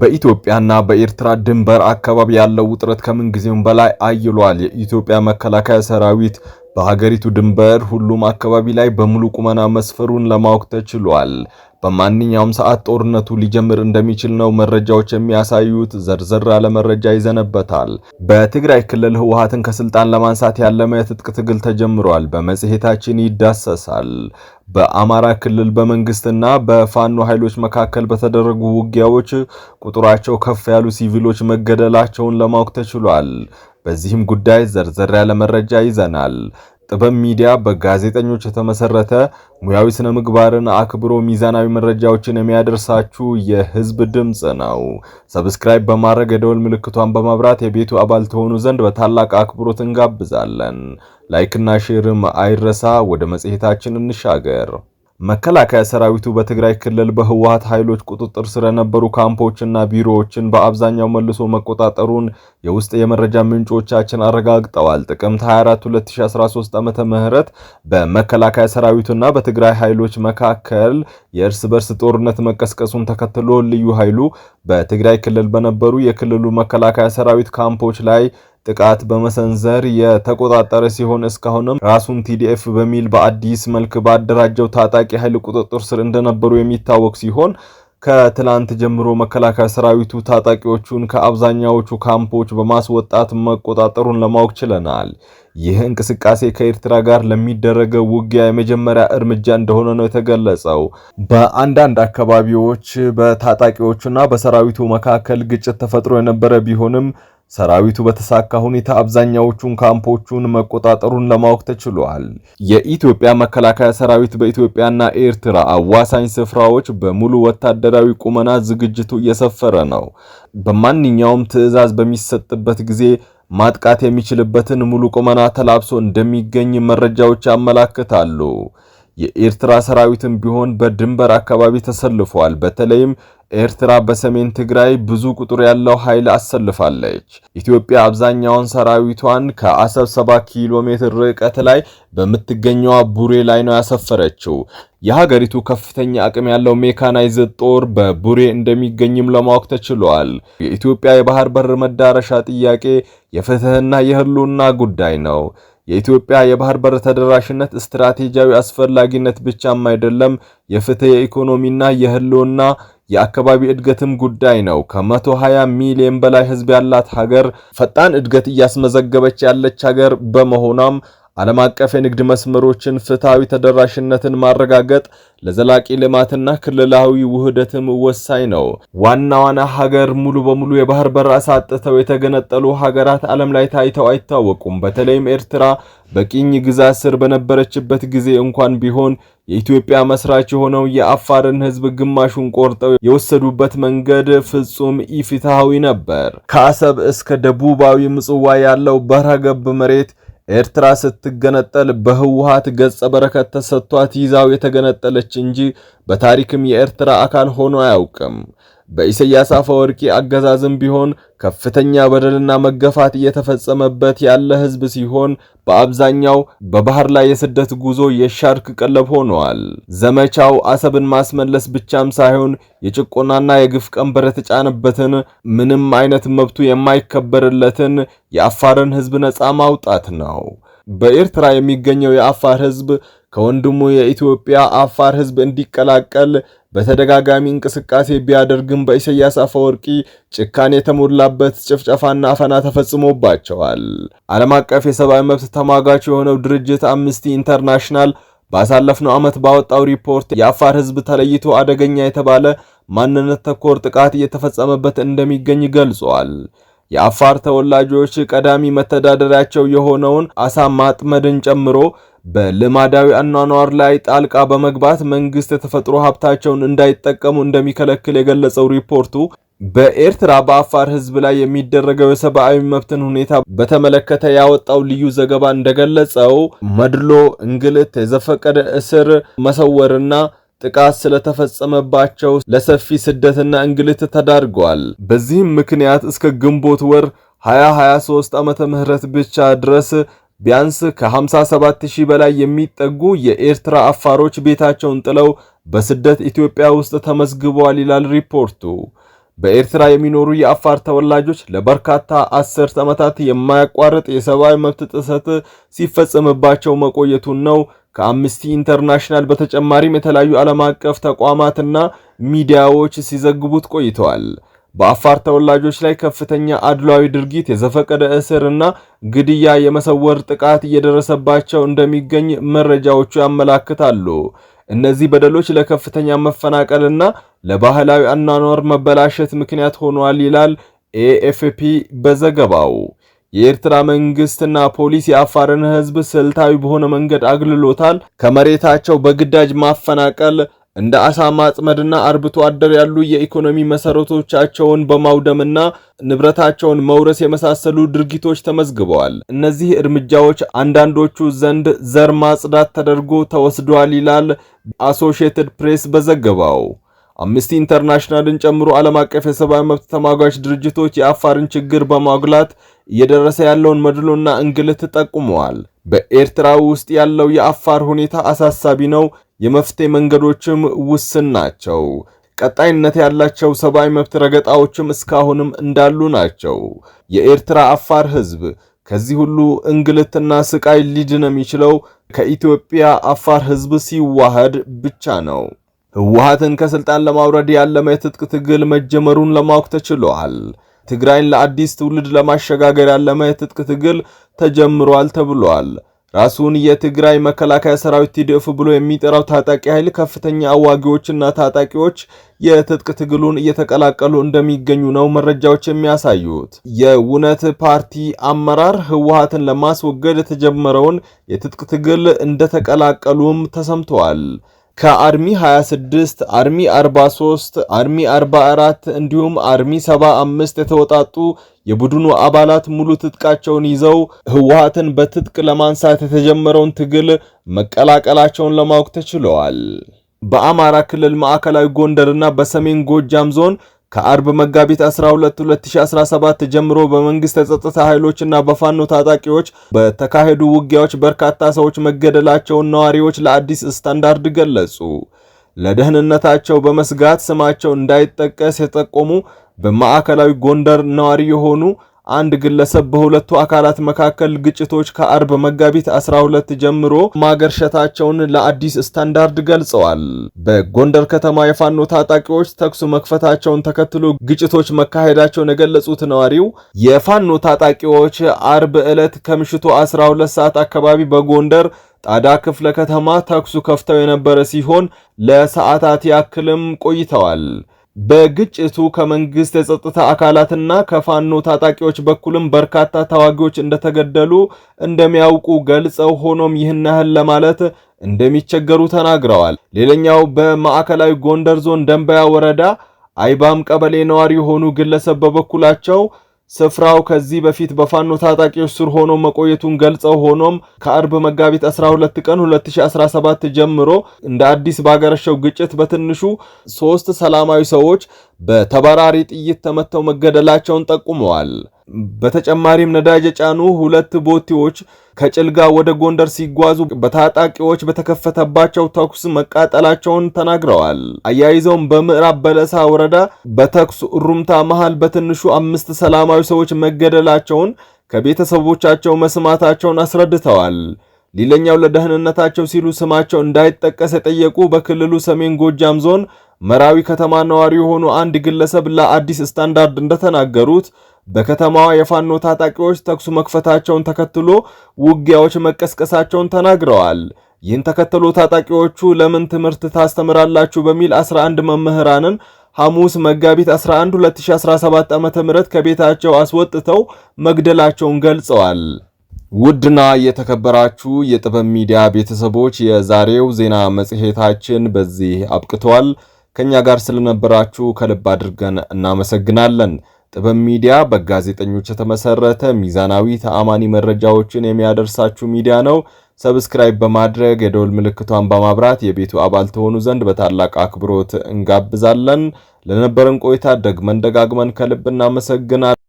በኢትዮጵያና በኤርትራ ድንበር አካባቢ ያለው ውጥረት ከምንጊዜውም በላይ አይሏል። የኢትዮጵያ መከላከያ ሰራዊት በሀገሪቱ ድንበር ሁሉም አካባቢ ላይ በሙሉ ቁመና መስፈሩን ለማወቅ ተችሏል። በማንኛውም ሰዓት ጦርነቱ ሊጀምር እንደሚችል ነው መረጃዎች የሚያሳዩት። ዘርዘር ያለ መረጃ ይዘነበታል። በትግራይ ክልል ህወሓትን ከስልጣን ለማንሳት ያለመ የትጥቅ ትግል ተጀምሯል። በመጽሔታችን ይዳሰሳል። በአማራ ክልል በመንግስትና በፋኖ ኃይሎች መካከል በተደረጉ ውጊያዎች ቁጥራቸው ከፍ ያሉ ሲቪሎች መገደላቸውን ለማወቅ ተችሏል። በዚህም ጉዳይ ዘርዘር ያለ መረጃ ይዘናል። ጥበብ ሚዲያ በጋዜጠኞች የተመሰረተ ሙያዊ ስነ ምግባርን አክብሮ ሚዛናዊ መረጃዎችን የሚያደርሳችሁ የህዝብ ድምፅ ነው። ሰብስክራይብ በማድረግ የደወል ምልክቷን በመብራት የቤቱ አባል ተሆኑ ዘንድ በታላቅ አክብሮት እንጋብዛለን። ላይክና ሼርም አይረሳ። ወደ መጽሔታችን እንሻገር። መከላከያ ሰራዊቱ በትግራይ ክልል በህወሀት ኃይሎች ቁጥጥር ስር የነበሩ ካምፖችና ቢሮዎችን በአብዛኛው መልሶ መቆጣጠሩን የውስጥ የመረጃ ምንጮቻችን አረጋግጠዋል። ጥቅምት 24 2013 ዓ ም በመከላከያ ሰራዊቱና በትግራይ ኃይሎች መካከል የእርስ በርስ ጦርነት መቀስቀሱን ተከትሎ ልዩ ኃይሉ በትግራይ ክልል በነበሩ የክልሉ መከላከያ ሰራዊት ካምፖች ላይ ጥቃት በመሰንዘር የተቆጣጠረ ሲሆን እስካሁንም ራሱን ቲዲኤፍ በሚል በአዲስ መልክ ባደራጀው ታጣቂ ኃይል ቁጥጥር ስር እንደነበሩ የሚታወቅ ሲሆን ከትላንት ጀምሮ መከላከያ ሰራዊቱ ታጣቂዎቹን ከአብዛኛዎቹ ካምፖች በማስወጣት መቆጣጠሩን ለማወቅ ችለናል። ይህ እንቅስቃሴ ከኤርትራ ጋር ለሚደረገው ውጊያ የመጀመሪያ እርምጃ እንደሆነ ነው የተገለጸው። በአንዳንድ አካባቢዎች በታጣቂዎቹና በሰራዊቱ መካከል ግጭት ተፈጥሮ የነበረ ቢሆንም ሰራዊቱ በተሳካ ሁኔታ አብዛኛዎቹን ካምፖቹን መቆጣጠሩን ለማወቅ ተችሏል። የኢትዮጵያ መከላከያ ሰራዊት በኢትዮጵያና ኤርትራ አዋሳኝ ስፍራዎች በሙሉ ወታደራዊ ቁመና ዝግጅቱ እየሰፈረ ነው። በማንኛውም ትዕዛዝ በሚሰጥበት ጊዜ ማጥቃት የሚችልበትን ሙሉ ቁመና ተላብሶ እንደሚገኝ መረጃዎች ያመላክታሉ። የኤርትራ ሰራዊትም ቢሆን በድንበር አካባቢ ተሰልፏል። በተለይም ኤርትራ በሰሜን ትግራይ ብዙ ቁጥር ያለው ኃይል አሰልፋለች። ኢትዮጵያ አብዛኛውን ሰራዊቷን ከአሰብ 70 ኪሎ ሜትር ርቀት ላይ በምትገኘዋ ቡሬ ላይ ነው ያሰፈረችው። የሀገሪቱ ከፍተኛ አቅም ያለው ሜካናይዝድ ጦር በቡሬ እንደሚገኝም ለማወቅ ተችሏል። የኢትዮጵያ የባህር በር መዳረሻ ጥያቄ የፍትህና የህልውና ጉዳይ ነው። የኢትዮጵያ የባህር በር ተደራሽነት ስትራቴጂያዊ አስፈላጊነት ብቻም አይደለም፣ የፍትህ የኢኮኖሚና የህልውና የአካባቢ እድገትም ጉዳይ ነው። ከ120 ሚሊዮን በላይ ህዝብ ያላት ሀገር ፈጣን እድገት እያስመዘገበች ያለች ሀገር በመሆኗም ዓለም አቀፍ የንግድ መስመሮችን ፍትሐዊ ተደራሽነትን ማረጋገጥ ለዘላቂ ልማትና ክልላዊ ውህደትም ወሳኝ ነው። ዋና ዋና ሀገር ሙሉ በሙሉ የባህር በር አሳጥተው የተገነጠሉ ሀገራት ዓለም ላይ ታይተው አይታወቁም። በተለይም ኤርትራ በቅኝ ግዛት ስር በነበረችበት ጊዜ እንኳን ቢሆን የኢትዮጵያ መስራች የሆነው የአፋርን ሕዝብ ግማሹን ቆርጠው የወሰዱበት መንገድ ፍጹም ኢፍትሐዊ ነበር። ከአሰብ እስከ ደቡባዊ ምጽዋ ያለው በረገብ መሬት ኤርትራ ስትገነጠል በህወሓት ገጸ በረከት ተሰጥቷት ይዛው የተገነጠለች እንጂ በታሪክም የኤርትራ አካል ሆኖ አያውቅም። በኢሳያስ አፈወርቂ አገዛዝም ቢሆን ከፍተኛ በደልና መገፋት እየተፈጸመበት ያለ ህዝብ ሲሆን በአብዛኛው በባህር ላይ የስደት ጉዞ የሻርክ ቀለብ ሆነዋል። ዘመቻው አሰብን ማስመለስ ብቻም ሳይሆን የጭቆናና የግፍ ቀንበር የተጫነበትን ምንም አይነት መብቱ የማይከበርለትን የአፋርን ህዝብ ነፃ ማውጣት ነው። በኤርትራ የሚገኘው የአፋር ህዝብ ከወንድሙ የኢትዮጵያ አፋር ህዝብ እንዲቀላቀል በተደጋጋሚ እንቅስቃሴ ቢያደርግም በኢሳያስ አፈወርቂ ጭካኔ የተሞላበት ጭፍጨፋና አፈና ተፈጽሞባቸዋል። ዓለም አቀፍ የሰብአዊ መብት ተሟጋች የሆነው ድርጅት አምነስቲ ኢንተርናሽናል ባሳለፍነው ዓመት ባወጣው ሪፖርት የአፋር ሕዝብ ተለይቶ አደገኛ የተባለ ማንነት ተኮር ጥቃት እየተፈጸመበት እንደሚገኝ ገልጿል። የአፋር ተወላጆች ቀዳሚ መተዳደሪያቸው የሆነውን አሳ ማጥመድን ጨምሮ በልማዳዊ አኗኗር ላይ ጣልቃ በመግባት መንግስት የተፈጥሮ ሀብታቸውን እንዳይጠቀሙ እንደሚከለክል የገለጸው ሪፖርቱ በኤርትራ በአፋር ህዝብ ላይ የሚደረገው የሰብአዊ መብትን ሁኔታ በተመለከተ ያወጣው ልዩ ዘገባ እንደገለጸው መድሎ፣ እንግልት፣ የዘፈቀደ እስር፣ መሰወርና ጥቃት ስለተፈጸመባቸው ለሰፊ ስደትና እንግልት ተዳርገዋል። በዚህም ምክንያት እስከ ግንቦት ወር 2023 ዓመተ ምህረት ብቻ ድረስ ቢያንስ ከ57 ሺህ በላይ የሚጠጉ የኤርትራ አፋሮች ቤታቸውን ጥለው በስደት ኢትዮጵያ ውስጥ ተመዝግበዋል ይላል ሪፖርቱ። በኤርትራ የሚኖሩ የአፋር ተወላጆች ለበርካታ አስርት ዓመታት የማያቋርጥ የሰብአዊ መብት ጥሰት ሲፈጸምባቸው መቆየቱን ነው ከአምነስቲ ኢንተርናሽናል በተጨማሪም የተለያዩ ዓለም አቀፍ ተቋማትና ሚዲያዎች ሲዘግቡት ቆይተዋል። በአፋር ተወላጆች ላይ ከፍተኛ አድሏዊ ድርጊት፣ የዘፈቀደ እስር እና ግድያ፣ የመሰወር ጥቃት እየደረሰባቸው እንደሚገኝ መረጃዎቹ ያመላክታሉ። እነዚህ በደሎች ለከፍተኛ መፈናቀልና ለባህላዊ አኗኗር መበላሸት ምክንያት ሆኗል ይላል ኤኤፍፒ በዘገባው። የኤርትራ መንግስትና ፖሊስ የአፋርን ህዝብ ስልታዊ በሆነ መንገድ አግልሎታል። ከመሬታቸው በግዳጅ ማፈናቀል እንደ አሳ ማጥመድና አርብቶ አደር ያሉ የኢኮኖሚ መሰረቶቻቸውን በማውደምና ንብረታቸውን መውረስ የመሳሰሉ ድርጊቶች ተመዝግበዋል። እነዚህ እርምጃዎች አንዳንዶቹ ዘንድ ዘር ማጽዳት ተደርጎ ተወስዷል ይላል አሶሺየትድ ፕሬስ በዘገባው። አምነስቲ ኢንተርናሽናልን ጨምሮ ዓለም አቀፍ የሰብአዊ መብት ተሟጋች ድርጅቶች የአፋርን ችግር በማጉላት እየደረሰ ያለውን መድሎና እንግልት ጠቁመዋል። በኤርትራ ውስጥ ያለው የአፋር ሁኔታ አሳሳቢ ነው፣ የመፍትሄ መንገዶችም ውስን ናቸው። ቀጣይነት ያላቸው ሰብአዊ መብት ረገጣዎችም እስካሁንም እንዳሉ ናቸው። የኤርትራ አፋር ህዝብ ከዚህ ሁሉ እንግልትና ስቃይ ሊድን የሚችለው ከኢትዮጵያ አፋር ህዝብ ሲዋሃድ ብቻ ነው። ህወሓትን ከስልጣን ለማውረድ ያለመ የትጥቅ ትግል መጀመሩን ለማወቅ ተችሏል። ትግራይን ለአዲስ ትውልድ ለማሸጋገር ያለመ የትጥቅ ትግል ተጀምሯል ተብሏል። ራሱን የትግራይ መከላከያ ሰራዊት ቲዲኤፍ ብሎ የሚጠራው ታጣቂ ኃይል ከፍተኛ አዋጊዎችና ታጣቂዎች የትጥቅ ትግሉን እየተቀላቀሉ እንደሚገኙ ነው መረጃዎች የሚያሳዩት። የውነት ፓርቲ አመራር ህወሀትን ለማስወገድ የተጀመረውን የትጥቅ ትግል እንደተቀላቀሉም ተሰምተዋል። ከአርሚ 26 አርሚ 43 አርሚ 44 እንዲሁም አርሚ 75 የተወጣጡ የቡድኑ አባላት ሙሉ ትጥቃቸውን ይዘው ህወሓትን በትጥቅ ለማንሳት የተጀመረውን ትግል መቀላቀላቸውን ለማወቅ ተችለዋል። በአማራ ክልል ማዕከላዊ ጎንደርና በሰሜን ጎጃም ዞን ከአርብ መጋቢት 12 2017 ጀምሮ በመንግስት የጸጥታ ኃይሎችና በፋኖ ታጣቂዎች በተካሄዱ ውጊያዎች በርካታ ሰዎች መገደላቸውን ነዋሪዎች ለአዲስ ስታንዳርድ ገለጹ። ለደህንነታቸው በመስጋት ስማቸው እንዳይጠቀስ የጠቆሙ በማዕከላዊ ጎንደር ነዋሪ የሆኑ አንድ ግለሰብ በሁለቱ አካላት መካከል ግጭቶች ከአርብ መጋቢት 12 ጀምሮ ማገርሸታቸውን ለአዲስ ስታንዳርድ ገልጸዋል። በጎንደር ከተማ የፋኖ ታጣቂዎች ተኩስ መክፈታቸውን ተከትሎ ግጭቶች መካሄዳቸውን የገለጹት ነዋሪው የፋኖ ታጣቂዎች አርብ ዕለት ከምሽቱ 12 ሰዓት አካባቢ በጎንደር ጣዳ ክፍለ ከተማ ተኩሱ ከፍተው የነበረ ሲሆን ለሰዓታት ያክልም ቆይተዋል። በግጭቱ ከመንግስት የጸጥታ አካላትና ከፋኖ ታጣቂዎች በኩልም በርካታ ተዋጊዎች እንደተገደሉ እንደሚያውቁ ገልጸው ሆኖም ይህን ያህል ለማለት እንደሚቸገሩ ተናግረዋል። ሌላኛው በማዕከላዊ ጎንደር ዞን ደንባያ ወረዳ አይባም ቀበሌ ነዋሪ የሆኑ ግለሰብ በበኩላቸው ስፍራው ከዚህ በፊት በፋኖ ታጣቂዎች ስር ሆኖ መቆየቱን ገልጸው ሆኖም ከአርብ መጋቢት 12 ቀን 2017 ጀምሮ እንደ አዲስ ባገረሸው ግጭት በትንሹ ሶስት ሰላማዊ ሰዎች በተባራሪ ጥይት ተመተው መገደላቸውን ጠቁመዋል። በተጨማሪም ነዳጅ የጫኑ ሁለት ቦቴዎች ከጭልጋ ወደ ጎንደር ሲጓዙ በታጣቂዎች በተከፈተባቸው ተኩስ መቃጠላቸውን ተናግረዋል። አያይዘውም በምዕራብ በለሳ ወረዳ በተኩስ ሩምታ መሃል በትንሹ አምስት ሰላማዊ ሰዎች መገደላቸውን ከቤተሰቦቻቸው መስማታቸውን አስረድተዋል። ሌላኛው ለደህንነታቸው ሲሉ ስማቸው እንዳይጠቀስ የጠየቁ በክልሉ ሰሜን ጎጃም ዞን መራዊ ከተማ ነዋሪ የሆኑ አንድ ግለሰብ ለአዲስ ስታንዳርድ እንደተናገሩት በከተማዋ የፋኖ ታጣቂዎች ተኩሱ መክፈታቸውን ተከትሎ ውጊያዎች መቀስቀሳቸውን ተናግረዋል። ይህን ተከትሎ ታጣቂዎቹ ለምን ትምህርት ታስተምራላችሁ በሚል 11 መምህራንን ሐሙስ መጋቢት 11 2017 ዓ.ም ከቤታቸው አስወጥተው መግደላቸውን ገልጸዋል። ውድና የተከበራችሁ የጥበብ ሚዲያ ቤተሰቦች የዛሬው ዜና መጽሔታችን በዚህ አብቅተዋል። ከእኛ ጋር ስለነበራችሁ ከልብ አድርገን እናመሰግናለን። ጥበብ ሚዲያ በጋዜጠኞች የተመሰረተ ሚዛናዊ ተአማኒ መረጃዎችን የሚያደርሳችሁ ሚዲያ ነው። ሰብስክራይብ በማድረግ የደወል ምልክቷን በማብራት የቤቱ አባል ተሆኑ ዘንድ በታላቅ አክብሮት እንጋብዛለን። ለነበረን ቆይታ ደግመን ደጋግመን ከልብ እናመሰግናለን።